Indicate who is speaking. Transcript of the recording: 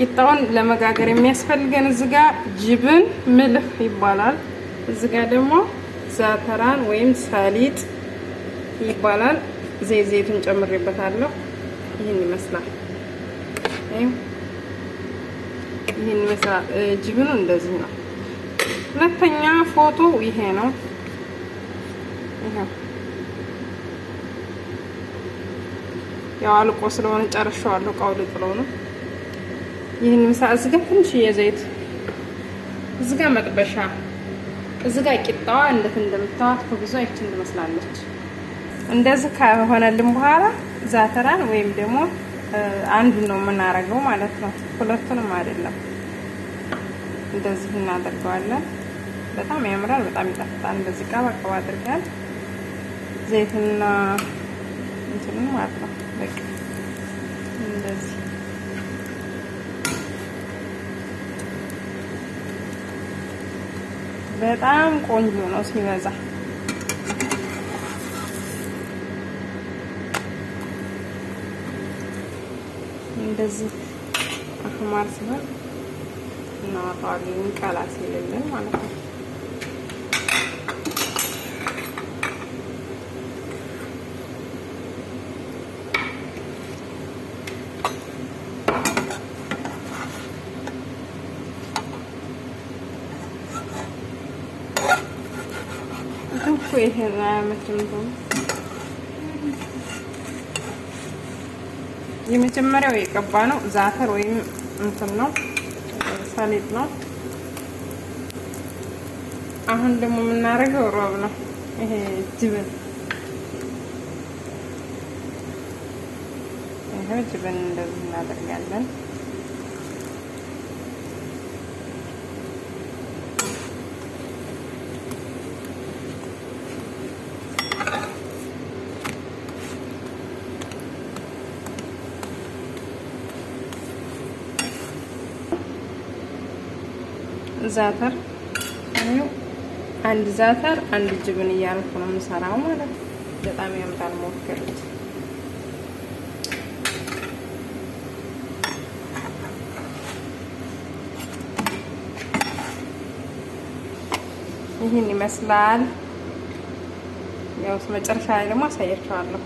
Speaker 1: ቂጣውን ለመጋገር የሚያስፈልገን እዚህ ጋር ጅብን ምልህ ይባላል። እዚህ ጋር ደግሞ ዛተራን ወይም ሰሊጥ ይባላል። ዘይት ዘይቱን ጨምሬበታለሁ። ይህን ይመስላል። ይህን ይመስላል። ጅብኑ እንደዚህ ነው። ሁለተኛ ፎቶ ይሄ ነው። ያው አልቆ ስለሆነ ጨርሼዋለሁ። ቃውል ጥለው ነው ይህን ምሳ እዚህ ትንሽዬ ዘይት፣ እዚህ መጥበሻ፣ እዚጋ ቂጣዋ እንዴት እንደምታዋት ከብዙ አይችን ትመስላለች። እንደዚህ ከሆነልን በኋላ ዛተራን ወይም ደግሞ አንዱን ነው የምናረገው ማለት ነው። ሁለቱንም አይደለም፣ እንደዚህ እናደርገዋለን። በጣም ያምራል፣ በጣም ይጣፍጣል። እንደዚህ ቃባ ቃባ አድርጋል ዘይትና እንትን ማለት ነው በቃ እንደዚህ በጣም ቆንጆ ነው ሲበዛ እንደዚህ አህማር ሲሆን እናወጣዋለን። ቃላት ሲልልን ማለት ነው። እኮ የተራ መቼም የመጀመሪያው የቀባ ነው ዛተር ወይም እንትን ነው ሰሊጥ ነው። አሁን ደግሞ የምናደርገው ሮብ ነው። ይሄ ጅብን ይሄው ጅብን እንደዚህ እናደርጋለን። ዛተር አንድ ዛተር አንድ ጅብን እያልኩ ነው የምሰራው ማለት ነው። በጣም ያምራል፣ ሞክሩት። ይህን ይመስላል። ያው መጨረሻ ላይ ደግሞ አሳያችኋለሁ።